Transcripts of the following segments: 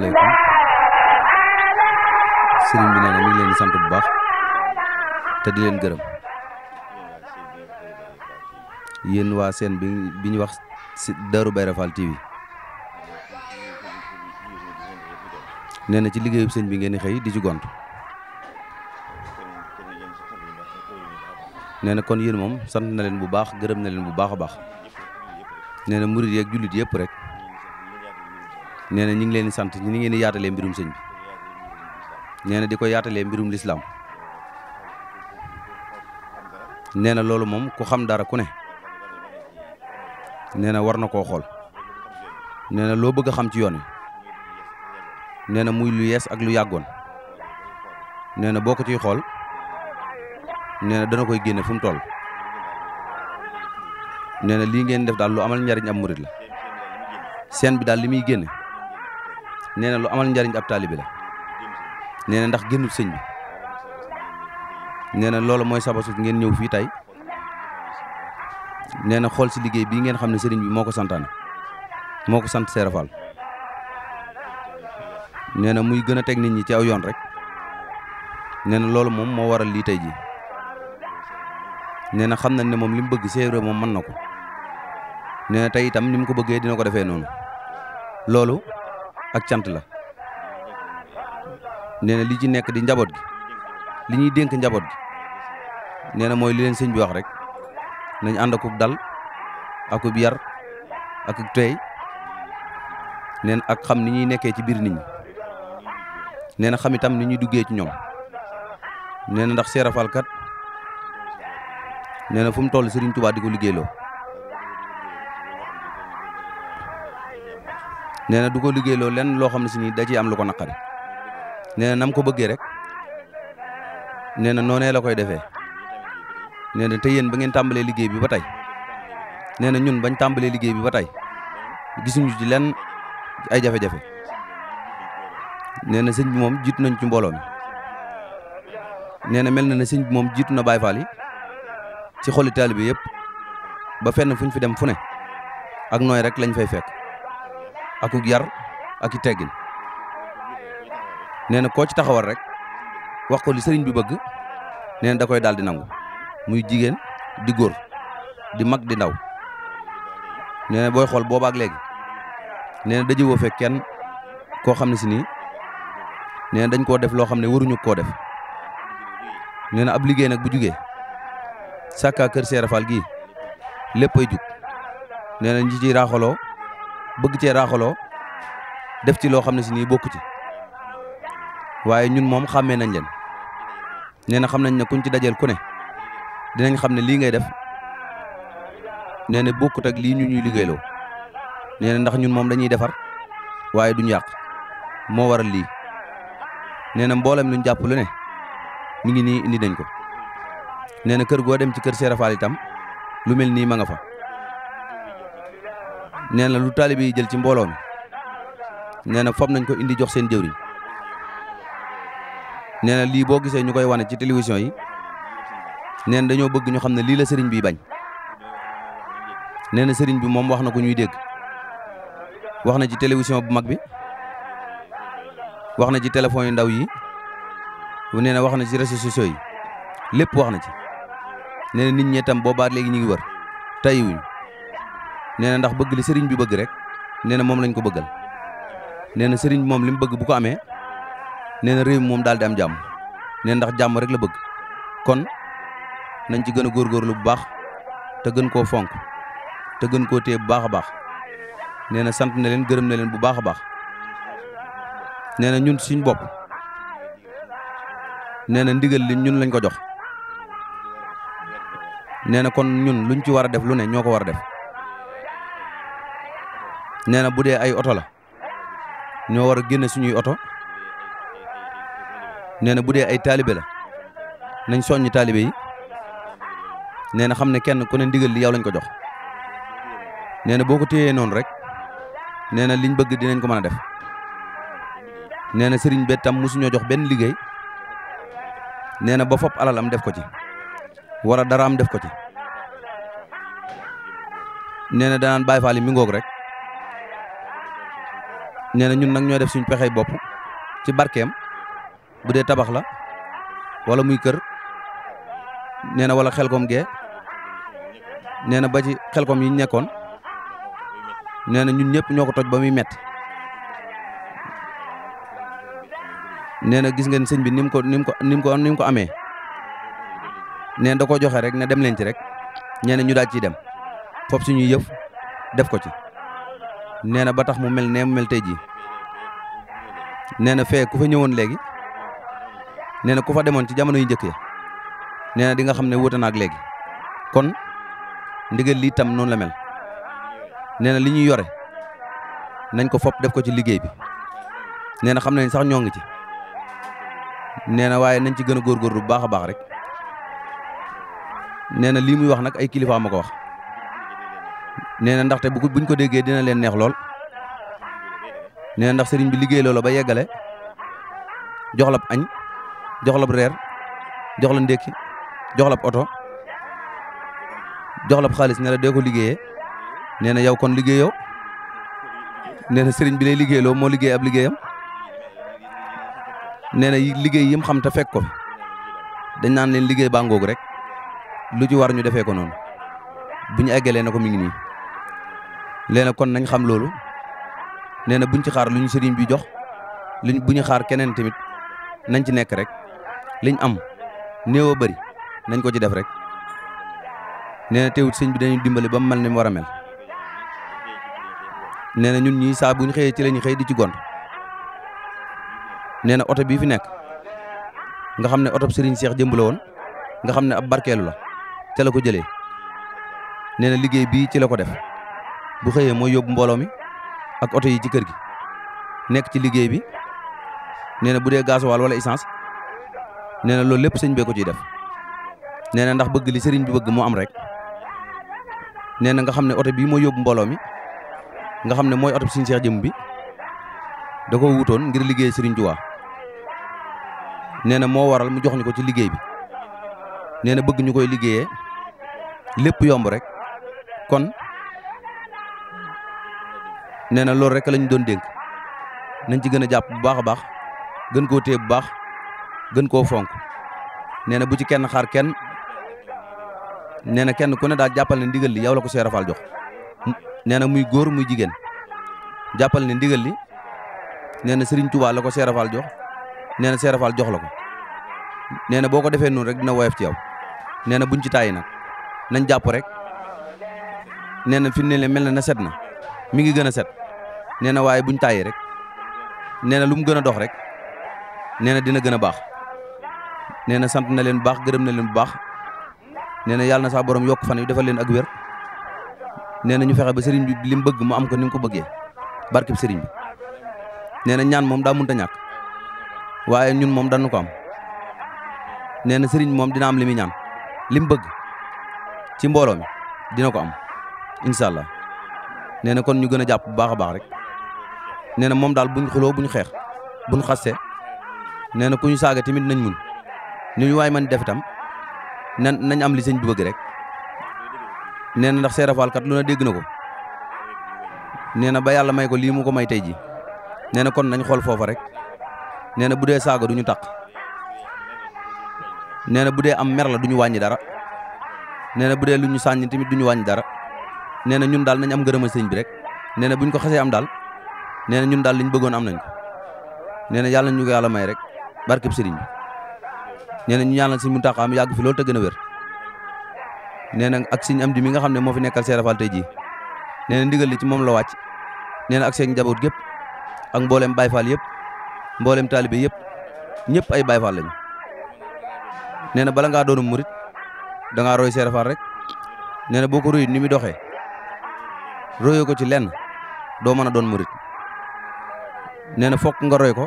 asalaamaaleykum bi nee na mi ngi leen sant bu baax te di leen gërëm yéen waa seen bi bi ñu wax si Darou Bairé Fall TV nee na ci liggéeyub sëñ bi ngeen di xëy di ci gont nee kon yéen moom sant na leen bu baax gërëm na leen bu baax a baax nee na murid yeeg jullit yëpp rek nee na ñu ngi leen di sant ñu ngi leen di yaatalee mbirum sëñ bi nee na di ko yaatalee mbirum lislaam nee na loolu moom ku xam dara ku ne nee na war na koo xool nee na loo bëgg xam ci yoon wi nee na muy lu yees ak lu yàggoon nee na boo ko ciy xool nee na dana koy génne fu mu toll nee na lii ngeen def daal lu amal njariñ am murit la seen bi daal li muy génne nee na lu amal njariñ ab taalibi la nee ndax génnul señ bi nee na loolu sabasu ngeen ñew fi tay nee xol ci si liggéey bii ngeen xam señ bi moko moko sant muy gëna tek nit ñi ci aw yoon rek nee lolo mom moom waral lii tay ji nee xamna ne moom lim bëgg séeréer moom mën na itam nim ko bëggee dina ko defé non loolu ak cant la nee na li ci nekk di njaboot gi li ñuy dénk njaboot gi nee na mooy li leen sëñ bi wax rek nañ ànd akuk dal akub yar akuk tey neen ak xam ni ñuy nekkee ci biir nit ñi nee na xam itam ni ñuy duggee ci ñoom nee na ndax seerafalkat nee na fu mu toll Serigne Touba di ko liggéeyloo nee na du ko liggéey loolu lenn loo xam ne si nii da am lu ko naqari nee nam ko bëggee rek nee na noonee la koy defee nee na te yéen ba ngeen tàmbalee liggéey bi ba tey nee na ñun bañ tàmbalee liggéey bi ba tey gisuñu ci lenn ay jafe-jafe nee na sëñ bi moom jiitu nañ ci mbooloo mi nee na mel na ne sëñ bi moom jiitu na Baay Faal yi ci xoli taalibe bi yëpp ba fenn fu ñu fi dem fu ne ak nooy rek lañ fay fekk. Aku yar ak i teggin ko tak koo ci taxawal rek wax ko li bi bëgg da koy di nangu muy jigen di gor di mag di ndaw nee boy booy bobak boobaak léegi nee na dajewoo fekk kenn koo xam ne si dañ koo def lo xam waruñu koo def nee na ab liggéey nag bu jugee sàkkaa kër seerafal gii lépp ay bëgg cee raaxaloo def ci loo xam ne si nii bokku ci waaye ñun moom xàmmee nañ leen nee na xam nañ ne kuñ ci dajeel ku ne dinañ xam ne lii ngay def nee na bokkut ak lii ñu ñuy liggéeyloo nee na ndax ñun moom dañuy defar waaye duñ yàq moo waral lii nee na mboolem luñ jàpp lu ne mi ngi nii indi nañ ko nee na kër goo dem ci kër Serap Fall itam lu mel nii ma nga fa. nee na lu taalibe yi jël ci mbooloo mi nee na fob nañ ko indi jox seen jëwriñ nee na lii boo gisee ñu koy wane ci télévision yi nee na dañoo bëgg ñu xam ne lii la sëriñ bi bañ nee na sëriñ bi moom wax na ko ñuy dégg wax na ci télévision bu mag bi wax na ci téléphone yu ndaw yi nee na wax na ci réseaux sociaux lépp wax na ci nee na nit ñi itam boobaat léegi ñu ngi wër tayiwuñ nee na ndax bëgg li sëriñ bi bëgg rek nee na moom lañ ko bëggal nee na sëriñ moom li mu bëgg bu ko amee nee na réew mi moom daal di am jàmm nee ndax jàmm rek la bëgg kon nañ ci gën a góorgóorlu bu baax te gën koo fonk te gën koo téye bu baax a baax nee na sant na leen gërëm na leen bu baax a baax nee na ñun suñ bopp nee na ndigal li ñun lañ ko jox nee na kon ñun luñ ci war a def lu ne ñoo ko war a def nee na bu dee ay oto la ñoo war a génne suñuy oto nee na bu dee ay taalibe la nañ soññ taalibe yi nee na xam ne kenn ku ne digël li yow lañ ko jox nee na boo ko téyee noonu rek nee na liñ bëgg dinañ ko mën a def nee na sëriñ be tam mosuñoo jox benn liggéey nee na ba fop alal lam def ko ci war dara am def ko ci nee na danaan Baay Faal yi mi ngoog rek nee ñun nak ñoy def suñu pexey bop ci barkem bu dé tabax la wala muy kër nee wala xelkom gee nee na ba ci xelkom yi ñékkon nekkoon ñun ñëpp ñoko toj ba muy metti gis ngeen señ bi nim ko nim ko nim ko nim ko amé nee da ko joxe rek ne dem leen ci rek ñee ñu daal ci dem fop suñu yëf def ko ci nee na ba tax mu mel nee mu mel tey jii nee na fee ku fa ñëwoon léegi nee na ku fa demoon ci jamono yu njëkk ya nee na di nga xam ne wuute na ak léegi kon ndigal lii tam noonu la mel nee na li ñuy yore nañ ko fopp def ko ci liggéey bi nee na xam nañ sax ñoo ngi ci nee na waaye nañ ci gën a góor bu baax a baax rek nee na lii muy wax nag ay kilifa ma wax. nee na ndaxte bu buñ ko déggee dina leen neex lool nee ndax sëriñ bi liggéey loola ba yeggale jox añ jox la reer jox la ndékki jox la oto jox la xaalis ne la dee ko liggéeyee nee na yow kon liggéeyoo nee na sëriñ bi lay liggéeyloo moo liggéey ab liggéeyam nee na liggéey yim xam te fekk ko dañ naan leen liggéey baa rek lu ci war ñu defee ko noonu bu ñu eggalee na ko mi ngi nii. nee na kon nañ xam loolu nee na buñ ci xaar luñ sëriñ bi jox liñ bu ñu xaar keneen tamit nañ ci nekk rek liñ am néew a bëri nañ ko ci def rek nee na teewut sëñ bi dañuy dimbali ba mu mel ni mu war a mel nee na ñun ñii saa buñ xëyee ci lañu xëy di ci gont nee na oto bii fi nekk nga xam ne oto sëriñ Seex jëmb woon nga xam ne ab barkeelu la ca la ko jëlee nee na liggéey bii ci la ko def bu xeye mooy yob mbooloo mi ak auto yi ci kër gi nek ci liggéey bi neena budé bu dee gasoil wala essence neena lool lepp señ sëñ ko ciy def neena ndax bëgg li señ bi bëgg mo am rek neena nga xamné ne bi bi yob yóbbu mi nga xamné ne auto señ cheikh jëm bi da ko wutoon ngir liggéey señ Tuubaa neena mo waral mu jox ñuko ci liggéey bi neena bëgg ñukoy koy lepp yomb rek kon nee na loolu rek lañ doon dénk nañ ci gën a jàpp bu baax a baax gën koo téye bu baax gën koo fonk nee na bu ci kenn xaar kenn nee na kenn ku ne daal jàppal ne ndigal li la ko Cheikh Rafal jox nee na muy góor muy jigéen jàppal ne ndigal li nee na Serigne Touba la ko Cheikh Rafal jox nee na Cheikh jox la ko nee na boo ko defee noonu rek dina woyof ci yow nee na buñ ci tàyyi nag nañ jàpp rek nee na fi ne mel na na set na mi ngi gën a set. nee na waaye buñ tàyyi rek nee na lu mu gën a dox rek nee na dina gën a baax nee na sant na leen bu baax gërëm na leen bu baax nee na yàlla na saa borom yokk fan yi defal leen ak wér nee na ñu fexe ba sëriñ bi lim bëgg mu am ko ni mu ko bëggee barkeb sëriñ bi nee na ñaan moom daa mënta ñàkk waaye ñun moom dañu ko am nee na sëriñ moom dina am li muy ñaan li bëgg ci mbooloo mi dina ko am incha allah nee na kon ñu gën a jàpp bu baax a baax rek. nee mom dal buñ xulo buñ xex buñ xasse nee kuñu saga timit nañ mun ni way man def tam nañ am li señ bëgg rek nee ndax ndax seerafaal kat luna na dégg na ko ba yalla may ko li mu ko may tay ji nee kon nañ xol fofu rek budé saga duñu tak budé am mer la duñu wañi dara nee budé luñu sañ timit duñu wañi dara nee ñun dal nañ am gërëma señ bi rek buñ ko xasse am dal nee ñun dal liñ bëggoon am nañ ko nee yalla ñu ko yalla may rek barke sëriñ bi nee ñu ñaanal sëñ muntaka am yag fi lool ta gëna wër wér ak sëñ Amdi mi nga xamne mo fi nekkal Seex rafal tey jii ndigal li ci mom la wacc nee ak seen jabot gépp ak mbollem Baay Faal ay Baay Faal lañu bala nga doon murit da nga roy Seex rek nee boko roy ni mi doxé royo ko ci lenn do meuna doon murit nee na fokk nga roy ko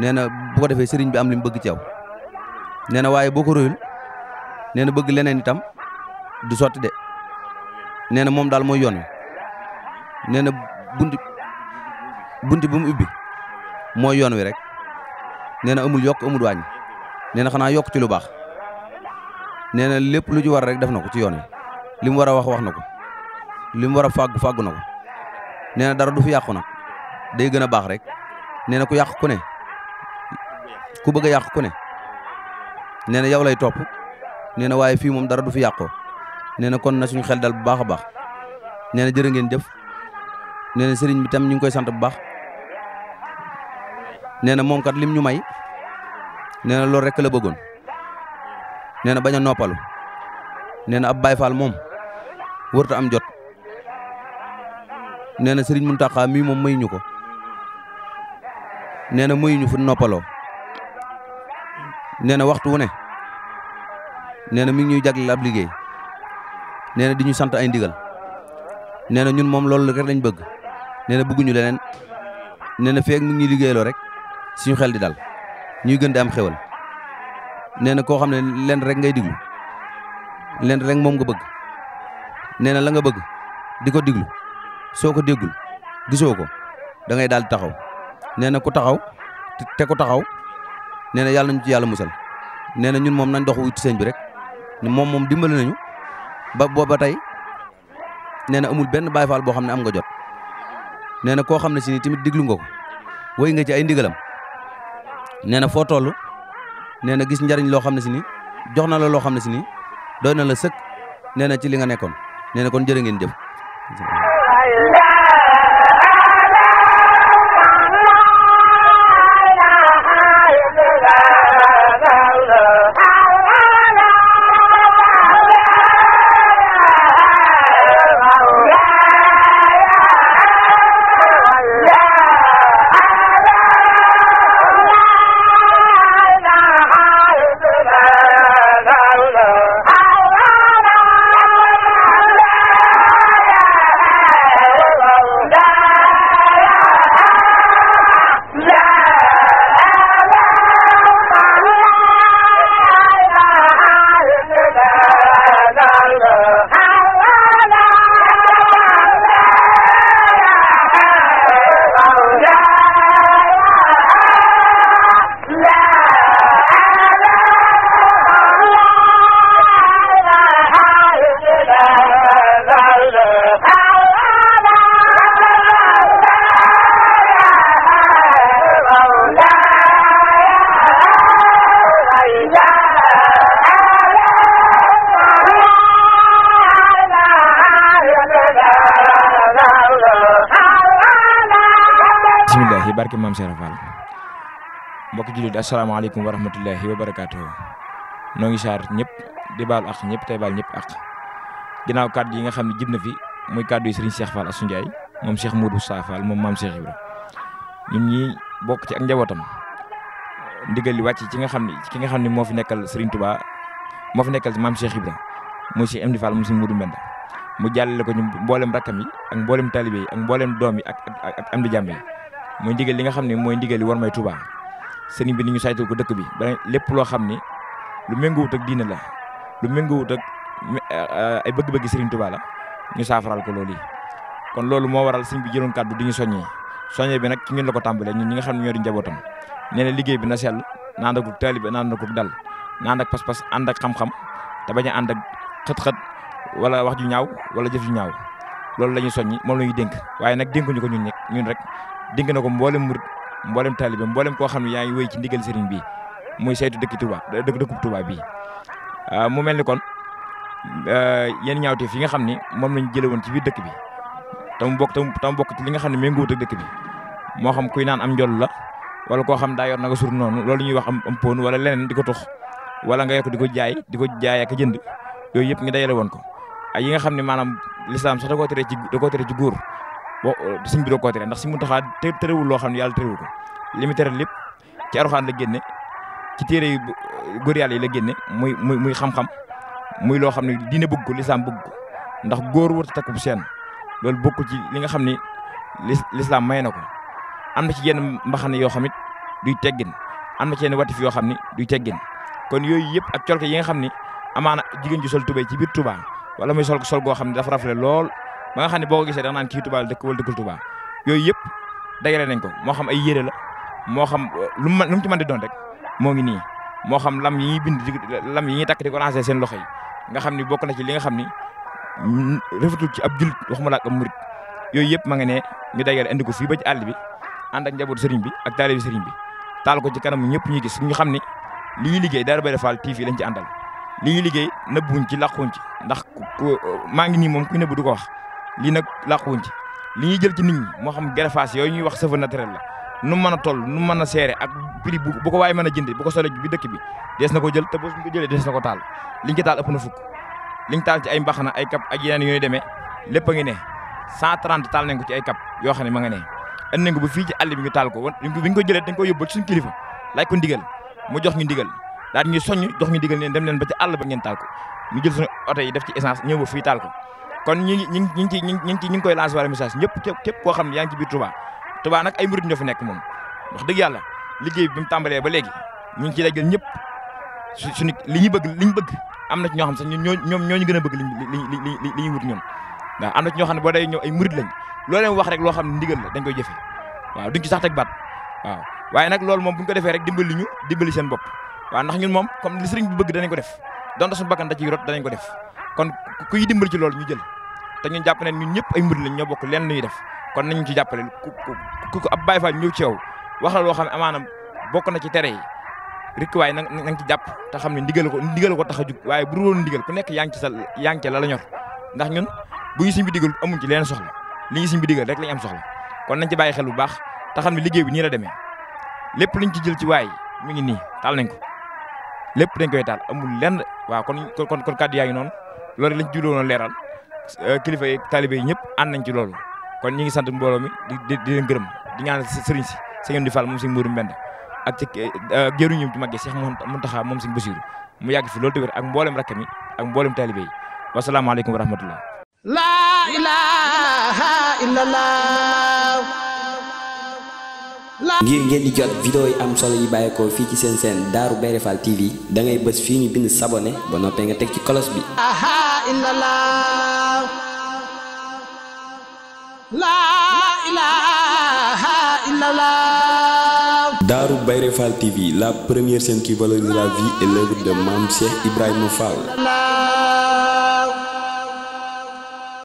nee na bu defee sëriñ bi am li bëgg ci yow nee na waaye boo ko royul nee na bëgg leneen itam du sotti de nee na moom daal mooy yoon wi nee na bunti bunti bu mu ubbi mooy yoon wi rek nee na amul yokk amul wàññi nee xanaa yokk ci lu baax nee na lépp lu ci war rek def na ko ci yoon wi li mu war a wax wax na ko li mu war a fàggu fàggu na ko na dara du fi yàqu nag day gën a baax rek nee na ku yàq ku ne ku bëgg a yàq ku ne nee na yow lay topp nee na waaye fii moom dara du fi yàqoo nee na kon na suñu xel dal bu baax a baax nee na ngeen jëf nee na sëriñ bi tam ñu ngi koy sant bu baax nee na moom kat lim ñu may nee na loolu rek la bëggoon nee na bañ a noppalu nee na ab Baay Faal moom am jot nee na sëriñ Muntaxa mii moom mayuñu ko. nee muy ñu fu noppalo nee waxtu wu ne nee mi ngi ñuy jagleel ab liggey nee di ñu sant ay ndigal nee ñun mom loolu rek lañ bëgg nee bëggu ñu leneen nee feek mi ngi liggey lo rek suñu xel di dal ñuy gënd am xewal nee ko xamne len rek ngay diglu len rek mom nga bëgg la nga bëgg di diglu soko gisoko da ngay dal taxaw nee na ku taxaw te ku taxaw nee yalla yàlla ci yalla mussal nee ñun mom nañ doxu ci sëñ bi rek mom mom dimbali nañu ba booba tey nee na amul benn Baay Faal boo am nga jot nee na xamne ci ni timit diglu ngoko way nga ci ay ndigalam na tollu toll gis njariñ lo xamne ci ni joxna la lo xamne ci ni doyna la ci li nga nekkon kon ngeen jëf ci barke maam Cheikh Fall mbokki jullit asalaamaaleykum wa rahmatullahi wa barakaatu noo ngi saar ñëpp di baalu ak ñëpp tey baal ñëpp ak ginnaaw kàddu yi nga xam ne jib na fi muy kàddu yi Serigne Cheikh Fall Assou Ndiaye moom Cheikh Moudou Sa Fall moom maam Cheikh Ibra ñun ñi bokk ci ak njabootam ndigal li wàcc ci nga xam ne ki nga xam ne moo fi nekkal Serigne Touba moo fi nekkal maam Cheikh Ibra muy si Amdi Fall mu si ko ñu mboolem rakkam yi ak mboolem talibe yi ak mboolem doom yi ak ak ak am di jàmbe yi mooy ndigal li nga xam ne mooy ndigal li war may Touba sëriñ bi ni ñu saytul ko dëkk bi ba lépp loo xam ni lu méngoowut ak diina la lu méngoowut ak eh, ay bëgg-bëggi sëriñ Touba la ñu saafaral ko loolu yi kon loolu moo waral sëriñ bi jëloon kàddu di ñu soññee soññee bi nag ci ñun la ko tàmbalee ñun ñi nga xam ne ñoo di njabootam nee na liggéey bi na sell na ànd ak taalibe na ànd ak dal na ànd ak pas-pas ànd ak xam-xam te bañ a ànd ak xët-xët wala wax ju ñaaw wala jëf ñaaw loolu la ñuy soññi moom la dénk waaye nag dénkuñu ko ñun ñun rek dénk na ko mboolem murit mboolem taalibe mboolem koo xam ne yaa ngi wéy ci ndigal sëriñ bi muy saytu dëkk Touba dëkk dëkkub Touba bii ah, mu mel ni kon ah, yenn ñaawteef yi nga xam ni moom lañ jëlee woon ci biir dëkk bi tam bokk tam bokk li nga xam ne méngoowut ak dëkk bi moo xam kuy naan am njoll la wala koo xam daa yor naka sur noonu loolu ñuy wax am am pon wala leneen di ko tux wala nga yokk di ko jaay di ko jaay ak jënd yooyu yëpp nga dajale woon ko ay ah, yi nga xam ne maanaam lislaam sax da koo tere ci da koo tere ci góor boo uh, suñ bi doo ko tere ndax suñ Muntaxa terewul loo xam ne yàlla terewul ko li mu tere lépp ci Alxuraan la génne ci téere yi uh, góor yàlla yi la génne muy muy muy xam-xam muy loo xam ne diine bëgg ko lislaam bëgg ko ndax góor wu a takku bu seen loolu bokku ci li nga xam ne lislaam may na ko am na ci yenn mbaxane yoo xam it duy teggin am na ci yenn watif yoo xam ne duy teggin kon yooyu yëpp ak colke yi nga xam ne amaana jigéen ji sol tubéy ci biir Tuubaa wala muy sol sol goo xam ne dafa rafet lool ba nga xam ne boo ko gisee da nga naan kii Touba la dëkk wala dëkkul Touba yooyu yëpp dajale nañ ko moo xam ay yére la moo xam euh, lu mu lu mu ci mën di doon rek moo ngi nii moo xam lam yi ñuy bind lam yi ñuy takk di ko seen loxo nga xam ni bokk na ci li nga xam ni mm, rafetul ci ab jullit wax la ak ab murit yooyu yëpp ma nga ne ñu dajale indi ko fii ba ci àll bi ànd ak njaboot sëriñ bi ak taalibi sëriñ bi taal ko ci kanam ñëpp ñu gis ñu xam ni li ñuy liggéey Darou Bairé Fall TV lañ ci àndal li ñuy liggéey nëbbuñ ci làquñ ci ndax maa ngi nii moom ku nëbbu du ko wax lii nag làquwuñ li ñuy jël ci nit ñi moo xam greffage yooyu ñuy wax cheveux naturel la nu mën a toll nu mën a seere ak prix bu ko waaye mën a jënd bu ko solee bi dëkk bi dees na ko jël te bu ko jëlee dees na ko taal liñ ci taal ëpp na fukk liñ taal ay mbaxana ay cap ak yeneen yooyu demee lépp a ngi ne 130 taal nañ ko ci ay cap yoo xam ne ma nga ne ën nañ ko bu fii ci àll bi ñu taal ko wa biñ ko jëlee dañ ko yóbbu suñu kilifa laaj ko ndigal mu jox ñu ndigal daal ñu ndigal leen dem leen ba ci àll ba ngeen taal ko jël suñu oto yi def ci essence ñëw ba taal ko kon ñi ngi ñi ngi ñi ngi ci ñi ngi koy lancer wala message ñëpp képp képp koo xam ne yaa ngi ci biir Touba nag ay murid ñoo fi nekk moom wax dëgg yàlla liggéey bi bi mu tàmbalee ba léegi ñu ngi ci dajal ñëpp suñu li ñu bëgg li ñu bëgg am na ñoo xam sax ñoo ñoom ñoo ñu gën a bëgg li li li ñu wut ñoom waaw am na ci ñoo xam ne boo day ñëw ay murid lañ loo wax rek loo xam ne ndigal la dañ koy jëfee waaw duñ ci sax teg baat waaw waaye nag loolu moom buñ ko defee rek dimbali ñu dimbali seen bopp waaw ndax ñun moom comme li sëriñ bi bëgg danañ ko def donte suñu bakkan da ciy rot danañ ko def kon kuy dimbali ci loolu ñu jël te ñun jàpp ne ñun ñëpp ay mbir lañ ñoo bokk lenn ñuy def kon nañu ci jàppale ku ku ku ab Baye Fall ñëw ci yow waxal loo xam ne amaanaam bokk na ci tere yi waaye na nga ci jàpp te xam ne ndigal ko ndigal ko tax a waaye bu dul woon ndigal ku nekk yaa ngi ci sa la la ñor ndax ñun bu ñu siñ bi digal amuñ ci leen soxla li ñu siñ bi digal rek lañ am soxla kon nañ ci bàyyi xel bu baax te xam liggéey bi nii la demee lépp liñ ci jël ci waay mi ngi nii taal nañ ko lépp dañ koy taal amul lenn waaw kon kon kon kàddu yaa ngi noonu loolu lañ jubloo leeral Euh, kilifa yi talibé yi ñëpp and nañ ci loolu kon ñi ngi sant mbolo mi di di leen gërëm di ñaan sëriñ ci sëriñ di fal mom sëriñ Mourou Mbend ak ci gëru euh, ñu ci magge Cheikh muntaha mom sëriñ Bassirou mu yagg fi loolu te wér ak mbolam rakami ak mbolam talibé yi wa salaamu alaykum wa rahmatullah la ilaha illallah ngir ngeen di jot vidéo yi am solo yi bàyyeekoo fi ci sen sen daru Bairé Fall TV da ngay beus fi ñu bind s'abonner ba noppé nga tek ci kolos bi. aha إلا الله لا إله إلا الله Darou Bayrefal TV, la première scène qui valorise la vie et l'œuvre de Mamsieh Ibrahim